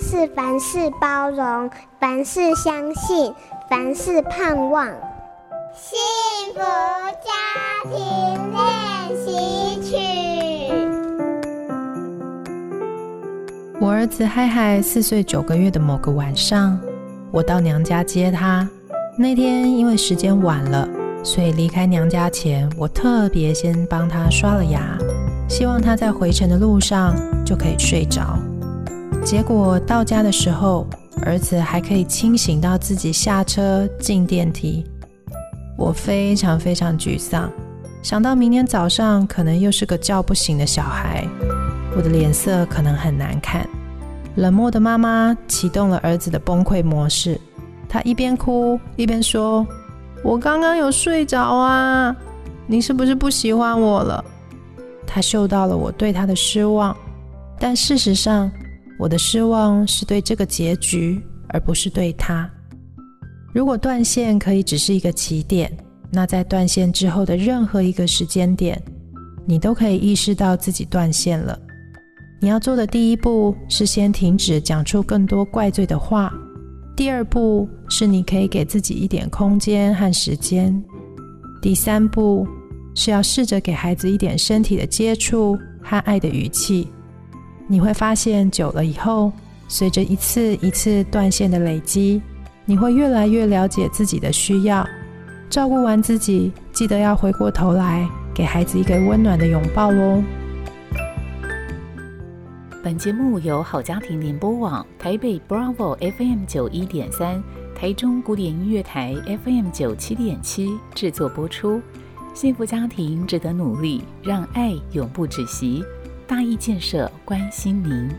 是凡事包容，凡事相信，凡事盼望。幸福家庭練習曲。我兒子嗨嗨四歲九個月的某個晚上，我到娘家接他。那天因為時間晚了，所以離開娘家前，我特別先幫他刷了牙，希望他在回程的路上就可以睡着。結果到家的時候，兒子還可以清醒到自己下車進電梯。我非常非常沮喪，想到明天早上可能又是個叫不醒的小孩，我的臉色可能很難看。冷漠的媽媽啟動了兒子的崩潰模式，她一邊哭一邊說：“我剛剛有睡着啊，你是不是不喜歡我了？”她嗅到了我對他的失望，但事實上，我的失望是對這個結局，而不是對他。如果斷線可以只是一個起點，那在斷線之後的任何一個時間點，你都可以意識到自己斷線了。你要做的第一步是先停止講出更多怪罪的話；第二步是你可以給自己一點空間和時間；第三步是要試着給孩子一點身體的接觸和愛的語氣。你會發現，久了以後，隨着一次一次斷線的累積，你會越來越了解自己的需要。照顧完自己，記得要回過頭來，給孩子一個溫暖的擁抱哦。本節目由好家庭聯播網、台北 Bravo FM 九一點三、台中古典音樂台 FM 九七點七製作播出。幸福家庭值得努力，讓愛永不止息。大毅建設關心您。